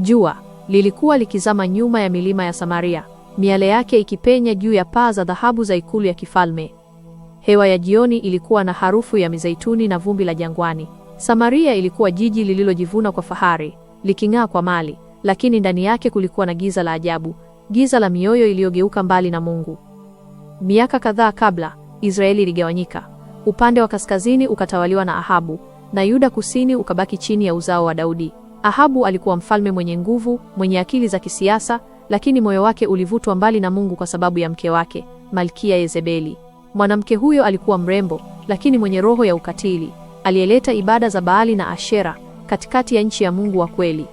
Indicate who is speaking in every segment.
Speaker 1: Jua lilikuwa likizama nyuma ya milima ya Samaria, miale yake ikipenya juu ya paa za dhahabu za ikulu ya kifalme. Hewa ya jioni ilikuwa na harufu ya mizeituni na vumbi la jangwani. Samaria ilikuwa jiji lililojivuna kwa fahari, liking'aa kwa mali, lakini ndani yake kulikuwa na giza la ajabu, giza la mioyo iliyogeuka mbali na Mungu. Miaka kadhaa kabla, Israeli iligawanyika. Upande wa kaskazini ukatawaliwa na Ahabu na Yuda kusini ukabaki chini ya uzao wa Daudi. Ahabu alikuwa mfalme mwenye nguvu, mwenye akili za kisiasa, lakini moyo wake ulivutwa mbali na Mungu kwa sababu ya mke wake, Malkia Yezebeli. Mwanamke huyo alikuwa mrembo, lakini mwenye roho ya ukatili, aliyeleta ibada za Baali na Ashera katikati ya nchi ya Mungu wa kweli.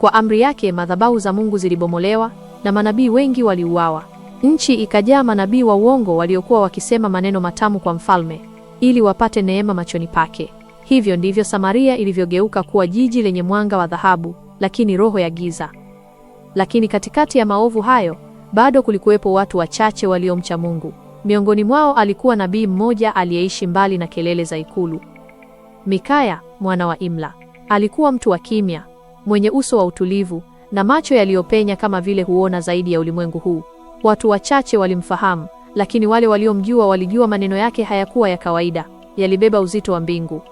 Speaker 1: Kwa amri yake, madhabahu za Mungu zilibomolewa na manabii wengi waliuawa. Nchi ikajaa manabii wa uongo waliokuwa wakisema maneno matamu kwa mfalme ili wapate neema machoni pake. Hivyo ndivyo Samaria ilivyogeuka kuwa jiji lenye mwanga wa dhahabu, lakini roho ya giza. Lakini katikati ya maovu hayo, bado kulikuwepo watu wachache waliomcha Mungu. Miongoni mwao alikuwa nabii mmoja aliyeishi mbali na kelele za ikulu. Mikaya mwana wa Imla alikuwa mtu wa kimya, mwenye uso wa utulivu na macho yaliyopenya kama vile huona zaidi ya ulimwengu huu. Watu wachache walimfahamu, lakini wale waliomjua walijua maneno yake hayakuwa ya kawaida, yalibeba uzito wa mbingu.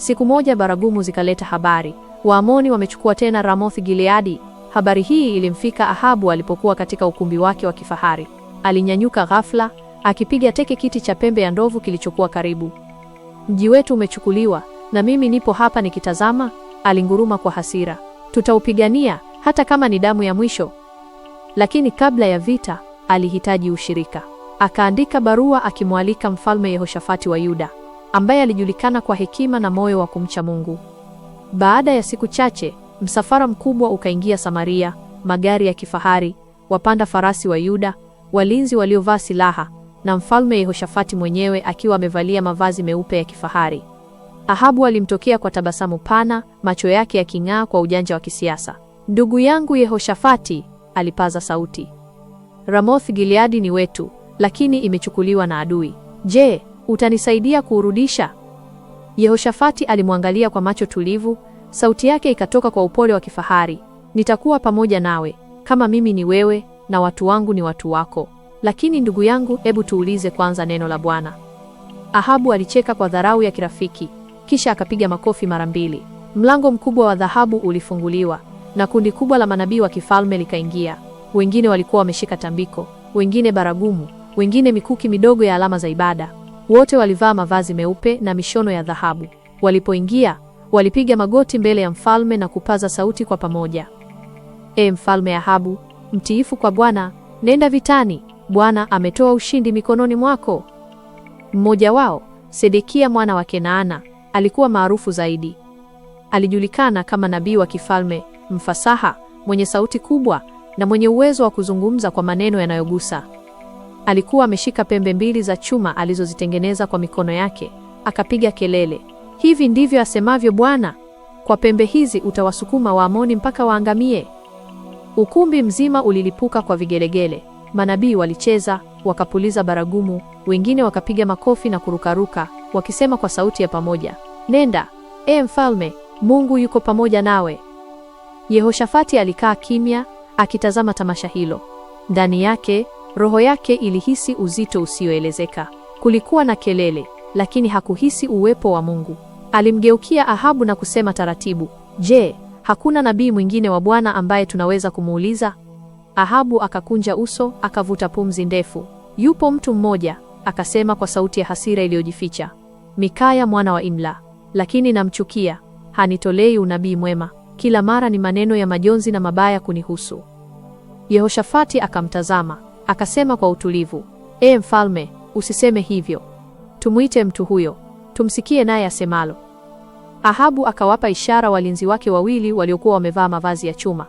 Speaker 1: Siku moja baragumu zikaleta habari, Waamoni wamechukua tena Ramothi Gileadi. Habari hii ilimfika Ahabu alipokuwa katika ukumbi wake wa kifahari. Alinyanyuka ghafla, akipiga teke kiti cha pembe ya ndovu kilichokuwa karibu. Mji wetu umechukuliwa na mimi nipo hapa nikitazama, alinguruma kwa hasira. Tutaupigania hata kama ni damu ya mwisho. Lakini kabla ya vita alihitaji ushirika. Akaandika barua akimwalika Mfalme Yehoshafati wa Yuda ambaye alijulikana kwa hekima na moyo wa kumcha Mungu. Baada ya siku chache, msafara mkubwa ukaingia Samaria, magari ya kifahari, wapanda farasi wa Yuda, walinzi waliovaa silaha na mfalme Yehoshafati mwenyewe akiwa amevalia mavazi meupe ya kifahari. Ahabu alimtokea kwa tabasamu pana, macho yake yaking'aa kwa ujanja wa kisiasa. Ndugu yangu Yehoshafati, alipaza sauti. Ramoth Gileadi ni wetu, lakini imechukuliwa na adui. Je, utanisaidia kuurudisha? Yehoshafati alimwangalia kwa macho tulivu, sauti yake ikatoka kwa upole wa kifahari. Nitakuwa pamoja nawe kama mimi ni wewe na watu wangu ni watu wako. Lakini ndugu yangu, hebu tuulize kwanza neno la Bwana. Ahabu alicheka kwa dharau ya kirafiki, kisha akapiga makofi mara mbili. Mlango mkubwa wa dhahabu ulifunguliwa na kundi kubwa la manabii wa kifalme likaingia. Wengine walikuwa wameshika tambiko, wengine baragumu, wengine mikuki midogo ya alama za ibada. Wote walivaa mavazi meupe na mishono ya dhahabu. Walipoingia, walipiga magoti mbele ya mfalme na kupaza sauti kwa pamoja. E Mfalme Ahabu, mtiifu kwa Bwana, nenda vitani. Bwana ametoa ushindi mikononi mwako. Mmoja wao, Sedekia mwana wa Kenaana, alikuwa maarufu zaidi. Alijulikana kama nabii wa kifalme, mfasaha, mwenye sauti kubwa na mwenye uwezo wa kuzungumza kwa maneno yanayogusa. Alikuwa ameshika pembe mbili za chuma alizozitengeneza kwa mikono yake, akapiga kelele, hivi ndivyo asemavyo Bwana, kwa pembe hizi utawasukuma Waamoni mpaka waangamie. Ukumbi mzima ulilipuka kwa vigelegele. Manabii walicheza, wakapuliza baragumu, wengine wakapiga makofi na kurukaruka, wakisema kwa sauti ya pamoja, nenda e mfalme, Mungu yuko pamoja nawe. Yehoshafati alikaa kimya akitazama tamasha hilo. Ndani yake Roho yake ilihisi uzito usioelezeka. Kulikuwa na kelele, lakini hakuhisi uwepo wa Mungu. Alimgeukia Ahabu na kusema taratibu, "Je, hakuna nabii mwingine wa Bwana ambaye tunaweza kumuuliza?" Ahabu akakunja uso, akavuta pumzi ndefu. "Yupo mtu mmoja," akasema kwa sauti ya hasira iliyojificha. "Mikaya mwana wa Imla, lakini namchukia. Hanitolei unabii mwema. Kila mara ni maneno ya majonzi na mabaya kunihusu." Yehoshafati akamtazama. Akasema kwa utulivu, ee mfalme, usiseme hivyo. Tumwite mtu huyo, tumsikie naye asemalo. Ahabu akawapa ishara walinzi wake wawili waliokuwa wamevaa mavazi ya chuma.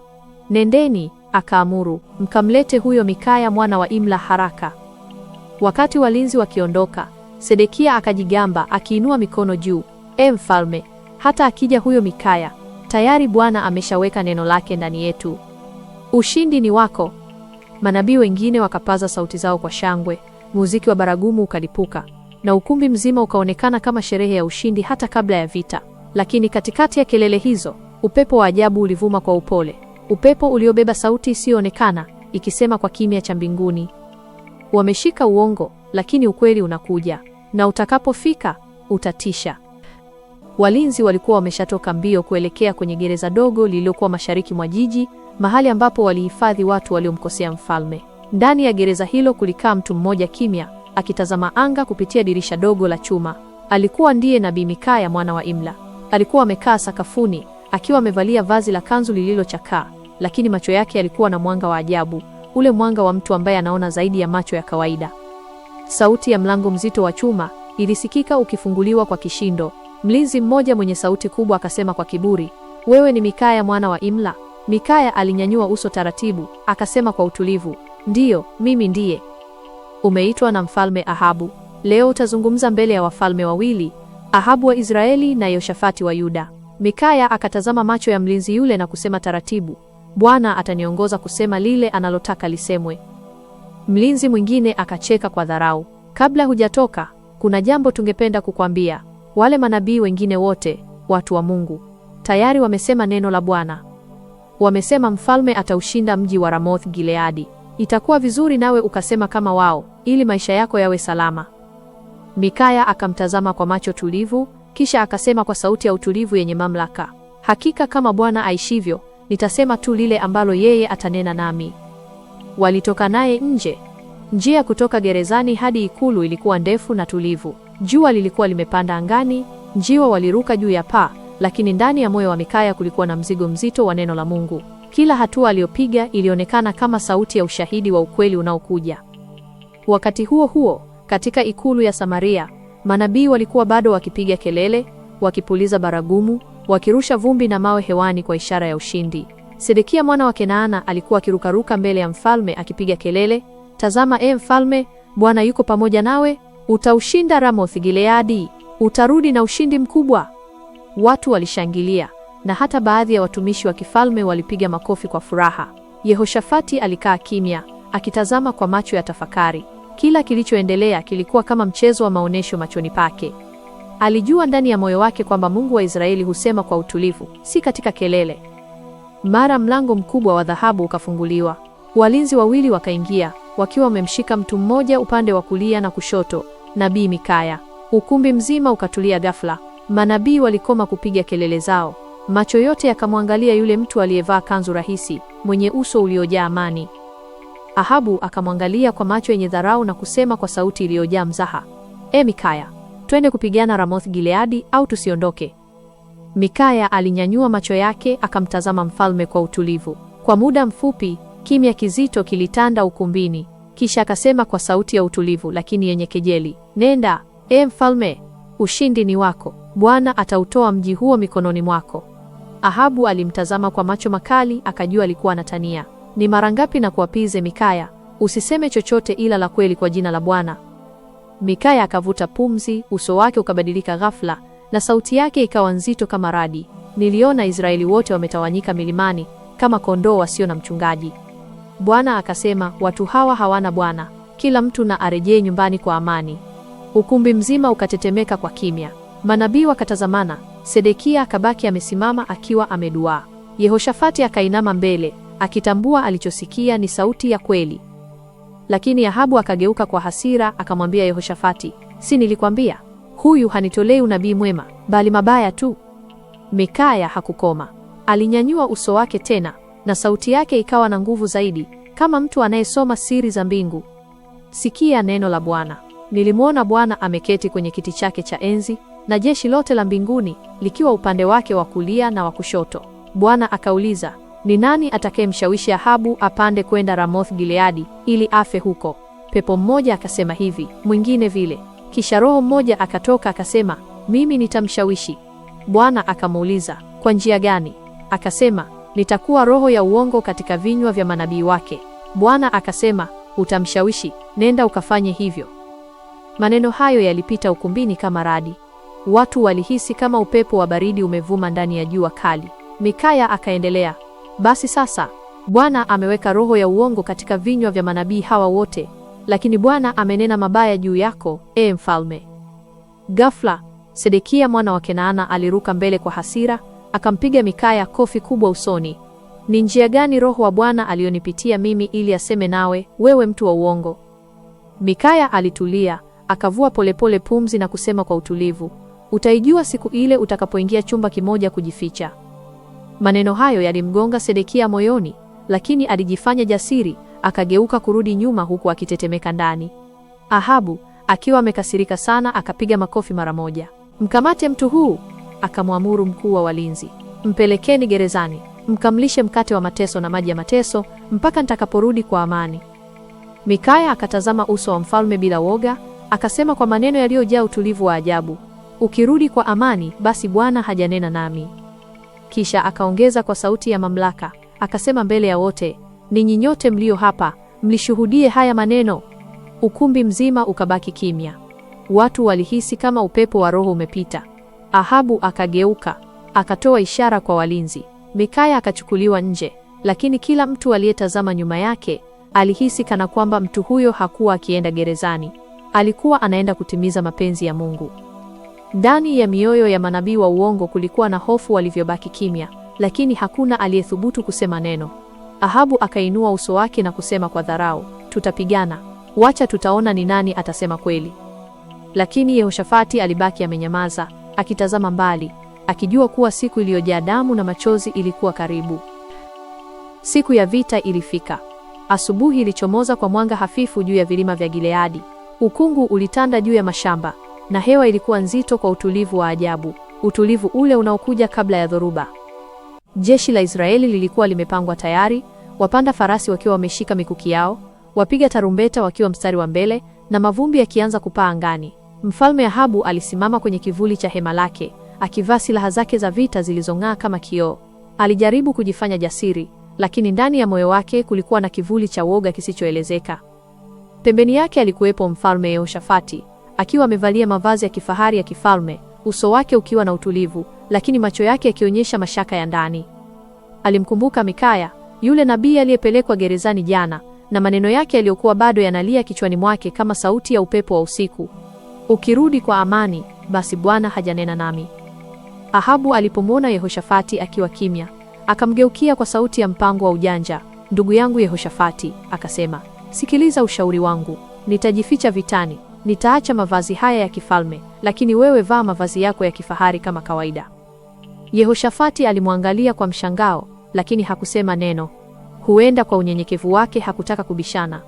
Speaker 1: Nendeni, akaamuru, mkamlete huyo Mikaya mwana wa Imla haraka. Wakati walinzi wakiondoka, Sedekia akajigamba akiinua mikono juu, e mfalme, hata akija huyo Mikaya, tayari Bwana ameshaweka neno lake ndani yetu. Ushindi ni wako, Manabii wengine wakapaza sauti zao kwa shangwe, muziki wa baragumu ukalipuka na ukumbi mzima ukaonekana kama sherehe ya ushindi hata kabla ya vita. Lakini katikati ya kelele hizo, upepo wa ajabu ulivuma kwa upole, upepo uliobeba sauti isiyoonekana ikisema kwa kimya cha mbinguni, wameshika uongo, lakini ukweli unakuja, na utakapofika utatisha. Walinzi walikuwa wameshatoka mbio kuelekea kwenye gereza dogo lililokuwa mashariki mwa jiji mahali ambapo walihifadhi watu waliomkosea mfalme. Ndani ya gereza hilo kulikaa mtu mmoja kimya, akitazama anga kupitia dirisha dogo la chuma. Alikuwa ndiye Nabii Mikaya mwana wa Imla. Alikuwa amekaa sakafuni akiwa amevalia vazi la kanzu lililochakaa, lakini macho yake yalikuwa na mwanga wa ajabu, ule mwanga wa mtu ambaye anaona zaidi ya macho ya kawaida. Sauti ya mlango mzito wa chuma ilisikika ukifunguliwa kwa kishindo. Mlinzi mmoja mwenye sauti kubwa akasema kwa kiburi, wewe ni Mikaya mwana wa Imla? Mikaya alinyanyua uso taratibu, akasema kwa utulivu, ndiyo, mimi ndiye. Umeitwa na mfalme Ahabu. Leo utazungumza mbele ya wafalme wawili, Ahabu wa Israeli na Yoshafati wa Yuda. Mikaya akatazama macho ya mlinzi yule na kusema taratibu, Bwana ataniongoza kusema lile analotaka lisemwe. Mlinzi mwingine akacheka kwa dharau, kabla hujatoka, kuna jambo tungependa kukwambia. Wale manabii wengine wote, watu wa Mungu, tayari wamesema neno la Bwana wamesema mfalme ataushinda mji wa Ramoth Gileadi. Itakuwa vizuri nawe ukasema kama wao, ili maisha yako yawe salama. Mikaya akamtazama kwa macho tulivu, kisha akasema kwa sauti ya utulivu yenye mamlaka, hakika kama Bwana aishivyo, nitasema tu lile ambalo yeye atanena nami. Walitoka naye nje. Njia kutoka gerezani hadi ikulu ilikuwa ndefu na tulivu. Jua lilikuwa limepanda angani, njiwa waliruka juu ya paa lakini ndani ya moyo wa Mikaya kulikuwa na mzigo mzito wa neno la Mungu. Kila hatua aliyopiga ilionekana kama sauti ya ushahidi wa ukweli unaokuja. Wakati huo huo, katika ikulu ya Samaria, manabii walikuwa bado wakipiga kelele, wakipuliza baragumu, wakirusha vumbi na mawe hewani kwa ishara ya ushindi. Sedekia mwana wa Kenaana alikuwa akirukaruka mbele ya mfalme akipiga kelele, tazama e mfalme, Bwana yuko pamoja nawe, utaushinda Ramoth Gileadi, utarudi na ushindi mkubwa. Watu walishangilia na hata baadhi ya watumishi wa kifalme walipiga makofi kwa furaha. Yehoshafati alikaa kimya, akitazama kwa macho ya tafakari. Kila kilichoendelea kilikuwa kama mchezo wa maonyesho machoni pake. Alijua ndani ya moyo wake kwamba Mungu wa Israeli husema kwa utulivu, si katika kelele. Mara mlango mkubwa wa dhahabu ukafunguliwa. Walinzi wawili wakaingia, wakiwa wamemshika mtu mmoja upande wa kulia na kushoto, nabii Mikaya. Ukumbi mzima ukatulia ghafla. Manabii walikoma kupiga kelele zao, macho yote yakamwangalia yule mtu aliyevaa kanzu rahisi, mwenye uso uliojaa amani. Ahabu akamwangalia kwa macho yenye dharau na kusema kwa sauti iliyojaa mzaha, E Mikaya, twende kupigana Ramoth Gileadi au tusiondoke? Mikaya alinyanyua macho yake akamtazama mfalme kwa utulivu. Kwa muda mfupi kimya kizito kilitanda ukumbini, kisha akasema kwa sauti ya utulivu lakini yenye kejeli, nenda, e mfalme, ushindi ni wako. Bwana atautoa mji huo mikononi mwako. Ahabu alimtazama kwa macho makali, akajua alikuwa anatania. Ni mara ngapi na kuapize Mikaya, usiseme chochote ila la kweli kwa jina la Bwana. Mikaya akavuta pumzi, uso wake ukabadilika ghafla, na sauti yake ikawa nzito kama radi. Niliona Israeli wote wametawanyika milimani kama kondoo wasio na mchungaji. Bwana akasema, watu hawa hawana Bwana, kila mtu na arejee nyumbani kwa amani. Ukumbi mzima ukatetemeka kwa kimya. Manabii wakatazamana, Sedekia akabaki amesimama akiwa ameduaa. Yehoshafati akainama mbele, akitambua alichosikia ni sauti ya kweli. Lakini Ahabu akageuka kwa hasira, akamwambia Yehoshafati, si nilikwambia huyu hanitolei unabii mwema, bali mabaya tu? Mikaya hakukoma, alinyanyua uso wake tena, na sauti yake ikawa na nguvu zaidi, kama mtu anayesoma siri za mbingu. Sikia neno la Bwana. Nilimwona Bwana ameketi kwenye kiti chake cha enzi na jeshi lote la mbinguni likiwa upande wake wa kulia na wa kushoto. Bwana akauliza, ni nani atakayemshawishi Ahabu apande kwenda Ramoth Gileadi ili afe huko? Pepo mmoja akasema hivi, mwingine vile. Kisha roho mmoja akatoka akasema, mimi nitamshawishi. Bwana akamuuliza, kwa njia gani? Akasema, nitakuwa roho ya uongo katika vinywa vya manabii wake. Bwana akasema, utamshawishi, nenda ukafanye hivyo. Maneno hayo yalipita ukumbini kama radi. Watu walihisi kama upepo wa baridi umevuma ndani ya jua kali. Mikaya akaendelea, basi sasa Bwana ameweka roho ya uongo katika vinywa vya manabii hawa wote, lakini Bwana amenena mabaya juu yako, e mfalme. Ghafla Sedekia mwana wa Kenaana aliruka mbele kwa hasira, akampiga Mikaya kofi kubwa usoni. Ni njia gani roho wa Bwana aliyonipitia mimi ili aseme nawe, wewe mtu wa uongo? Mikaya alitulia, akavua polepole pole pumzi na kusema kwa utulivu, Utaijua siku ile utakapoingia chumba kimoja kujificha. Maneno hayo yalimgonga Sedekia moyoni, lakini alijifanya jasiri, akageuka kurudi nyuma huku akitetemeka ndani. Ahabu akiwa amekasirika sana, akapiga makofi mara moja. Mkamate mtu huu, akamwamuru mkuu wa walinzi. Mpelekeni gerezani, mkamlishe mkate wa mateso na maji ya mateso mpaka nitakaporudi kwa amani. Mikaya akatazama uso wa mfalme bila woga, akasema kwa maneno yaliyojaa utulivu wa ajabu. Ukirudi kwa amani, basi Bwana hajanena nami. Kisha akaongeza kwa sauti ya mamlaka, akasema mbele ya wote, ninyi nyote mlio hapa mlishuhudie haya maneno. Ukumbi mzima ukabaki kimya. Watu walihisi kama upepo wa roho umepita. Ahabu akageuka, akatoa ishara kwa walinzi. Mikaya akachukuliwa nje, lakini kila mtu aliyetazama nyuma yake alihisi kana kwamba mtu huyo hakuwa akienda gerezani, alikuwa anaenda kutimiza mapenzi ya Mungu. Ndani ya mioyo ya manabii wa uongo kulikuwa na hofu walivyobaki kimya, lakini hakuna aliyethubutu kusema neno. Ahabu akainua uso wake na kusema kwa dharau, tutapigana, wacha tutaona ni nani atasema kweli. Lakini Yehoshafati alibaki amenyamaza, akitazama mbali, akijua kuwa siku iliyojaa damu na machozi ilikuwa karibu. Siku ya vita ilifika. Asubuhi ilichomoza kwa mwanga hafifu juu ya vilima vya Gileadi. Ukungu ulitanda juu ya mashamba, na hewa ilikuwa nzito kwa utulivu wa ajabu, utulivu ule unaokuja kabla ya dhoruba. Jeshi la Israeli lilikuwa limepangwa tayari, wapanda farasi wakiwa wameshika mikuki yao, wapiga tarumbeta wakiwa mstari wa mbele, na mavumbi yakianza kupaa angani. Mfalme Ahabu alisimama kwenye kivuli cha hema lake, akivaa silaha zake za vita zilizong'aa kama kioo. Alijaribu kujifanya jasiri, lakini ndani ya moyo wake kulikuwa na kivuli cha woga kisichoelezeka. Pembeni yake alikuwepo mfalme Yehoshafati akiwa amevalia mavazi ya kifahari ya kifalme, uso wake ukiwa na utulivu, lakini macho yake yakionyesha mashaka ya ndani. Alimkumbuka Mikaya, yule nabii aliyepelekwa gerezani jana, na maneno yake yaliyokuwa bado yanalia kichwani mwake kama sauti ya upepo wa usiku. Ukirudi kwa amani, basi Bwana hajanena nami. Ahabu alipomwona Yehoshafati akiwa kimya, akamgeukia kwa sauti ya mpango wa ujanja. Ndugu yangu Yehoshafati, akasema, sikiliza ushauri wangu, nitajificha vitani nitaacha mavazi haya ya kifalme, lakini wewe vaa mavazi yako ya kifahari kama kawaida. Yehoshafati alimwangalia kwa mshangao, lakini hakusema neno. Huenda kwa unyenyekevu wake hakutaka kubishana.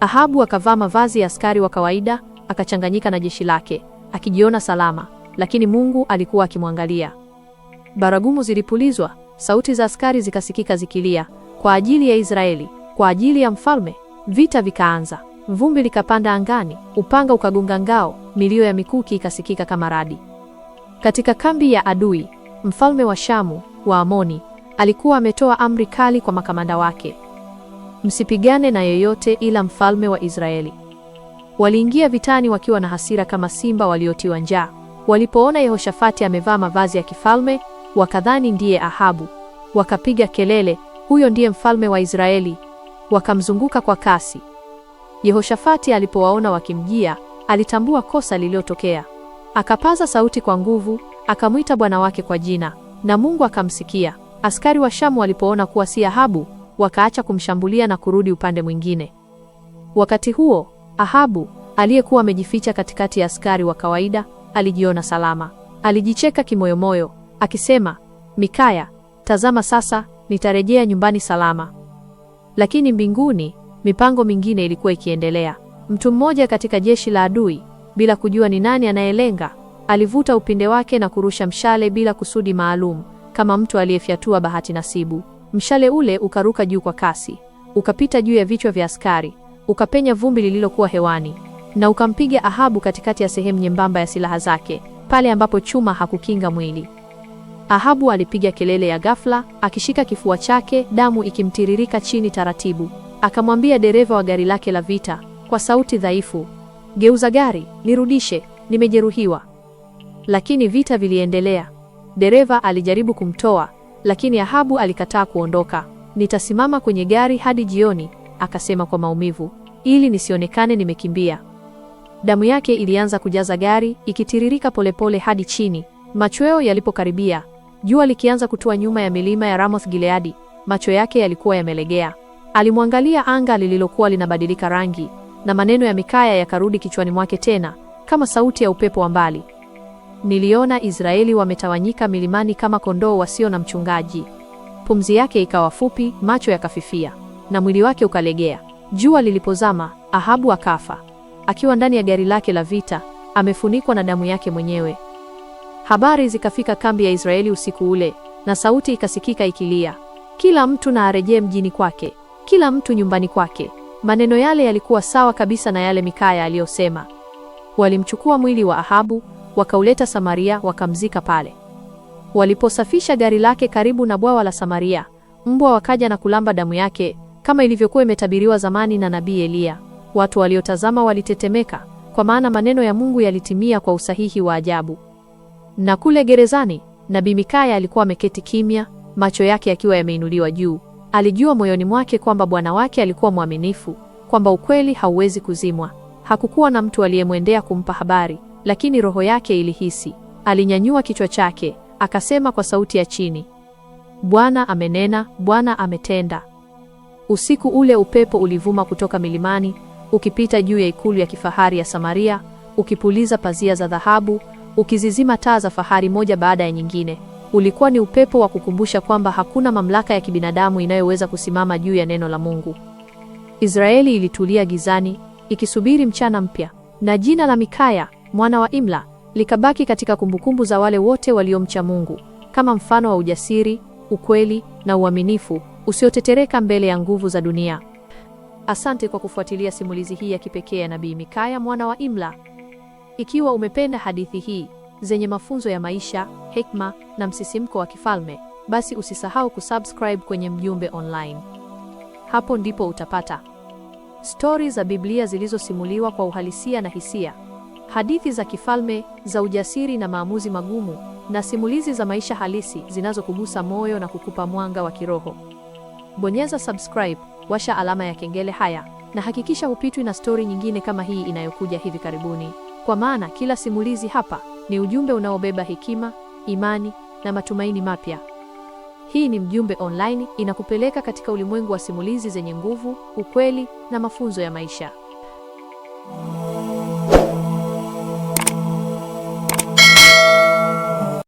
Speaker 1: Ahabu akavaa mavazi ya askari wa kawaida, akachanganyika na jeshi lake, akijiona salama, lakini Mungu alikuwa akimwangalia. Baragumu zilipulizwa, sauti za askari zikasikika zikilia, kwa ajili ya Israeli, kwa ajili ya mfalme. Vita vikaanza. Vumbi likapanda angani, upanga ukagonga ngao, milio ya mikuki ikasikika kama radi. Katika kambi ya adui, mfalme wa Shamu wa Amoni alikuwa ametoa amri kali kwa makamanda wake, msipigane na yeyote ila mfalme wa Israeli. Waliingia vitani wakiwa na hasira kama simba waliotiwa njaa. Walipoona Yehoshafati amevaa mavazi ya kifalme, wakadhani ndiye Ahabu. Wakapiga kelele, huyo ndiye mfalme wa Israeli! Wakamzunguka kwa kasi. Yehoshafati alipowaona wakimjia, alitambua kosa lililotokea. Akapaza sauti kwa nguvu, akamwita bwana wake kwa jina, na Mungu akamsikia. Askari wa Shamu walipoona kuwa si Ahabu, wakaacha kumshambulia na kurudi upande mwingine. Wakati huo, Ahabu aliyekuwa amejificha katikati ya askari wa kawaida, alijiona salama. Alijicheka kimoyomoyo akisema, Mikaya, tazama sasa, nitarejea nyumbani salama. Lakini mbinguni Mipango mingine ilikuwa ikiendelea. Mtu mmoja katika jeshi la adui, bila kujua ni nani anayelenga, alivuta upinde wake na kurusha mshale bila kusudi maalum, kama mtu aliyefyatua bahati nasibu. Mshale ule ukaruka juu kwa kasi, ukapita juu ya vichwa vya askari, ukapenya vumbi lililokuwa hewani na ukampiga Ahabu katikati ya sehemu nyembamba ya silaha zake, pale ambapo chuma hakukinga mwili. Ahabu alipiga kelele ya ghafla, akishika kifua chake, damu ikimtiririka chini taratibu. Akamwambia dereva wa gari lake la vita kwa sauti dhaifu, geuza gari, nirudishe, nimejeruhiwa. Lakini vita viliendelea. Dereva alijaribu kumtoa, lakini Ahabu alikataa kuondoka. Nitasimama kwenye gari hadi jioni, akasema kwa maumivu, ili nisionekane nimekimbia. Damu yake ilianza kujaza gari, ikitiririka polepole hadi chini. Machweo yalipokaribia, jua likianza kutua nyuma ya milima ya Ramoth Gileadi, macho yake yalikuwa yamelegea. Alimwangalia anga lililokuwa linabadilika rangi na maneno ya Mikaya yakarudi kichwani mwake tena kama sauti ya upepo wa mbali. Niliona Israeli wametawanyika milimani kama kondoo wasio na mchungaji. Pumzi yake ikawa fupi, macho yakafifia na mwili wake ukalegea. Jua lilipozama, Ahabu akafa akiwa ndani ya gari lake la vita, amefunikwa na damu yake mwenyewe. Habari zikafika kambi ya Israeli usiku ule, na sauti ikasikika ikilia, kila mtu na arejee mjini kwake kila mtu nyumbani kwake. Maneno yale yalikuwa sawa kabisa na yale Mikaya aliyosema. Walimchukua mwili wa Ahabu wakauleta Samaria, wakamzika pale. Waliposafisha gari lake karibu na bwawa la Samaria, mbwa wakaja na kulamba damu yake kama ilivyokuwa imetabiriwa zamani na nabii Eliya. Watu waliotazama walitetemeka, kwa maana maneno ya Mungu yalitimia kwa usahihi wa ajabu. Na kule gerezani nabii Mikaya alikuwa ameketi kimya, macho yake yakiwa yameinuliwa juu. Alijua moyoni mwake kwamba bwana wake alikuwa mwaminifu, kwamba ukweli hauwezi kuzimwa. Hakukuwa na mtu aliyemwendea kumpa habari, lakini roho yake ilihisi. Alinyanyua kichwa chake, akasema kwa sauti ya chini, Bwana amenena, Bwana ametenda. Usiku ule upepo ulivuma kutoka milimani, ukipita juu ya ikulu ya kifahari ya Samaria, ukipuliza pazia za dhahabu, ukizizima taa za fahari moja baada ya nyingine ulikuwa ni upepo wa kukumbusha kwamba hakuna mamlaka ya kibinadamu inayoweza kusimama juu ya neno la Mungu. Israeli ilitulia gizani ikisubiri mchana mpya, na jina la Mikaya mwana wa Imla likabaki katika kumbukumbu za wale wote waliomcha Mungu kama mfano wa ujasiri, ukweli na uaminifu usiotetereka mbele ya nguvu za dunia. Asante kwa kufuatilia simulizi hii ya kipekee ya Nabii Mikaya mwana wa Imla. Ikiwa umependa hadithi hii zenye mafunzo ya maisha, hekima na msisimko wa kifalme, basi usisahau kusubscribe kwenye Mjumbe Online. Hapo ndipo utapata stori za Biblia zilizosimuliwa kwa uhalisia na hisia, hadithi za kifalme za ujasiri na maamuzi magumu, na simulizi za maisha halisi zinazokugusa moyo na kukupa mwanga wa kiroho. Bonyeza subscribe, washa alama ya kengele. Haya, na hakikisha hupitwi na stori nyingine kama hii inayokuja hivi karibuni, kwa maana kila simulizi hapa ni ujumbe unaobeba hekima, imani na matumaini mapya. Hii ni Mjumbe Online inakupeleka katika ulimwengu wa simulizi zenye nguvu, ukweli na mafunzo ya maisha.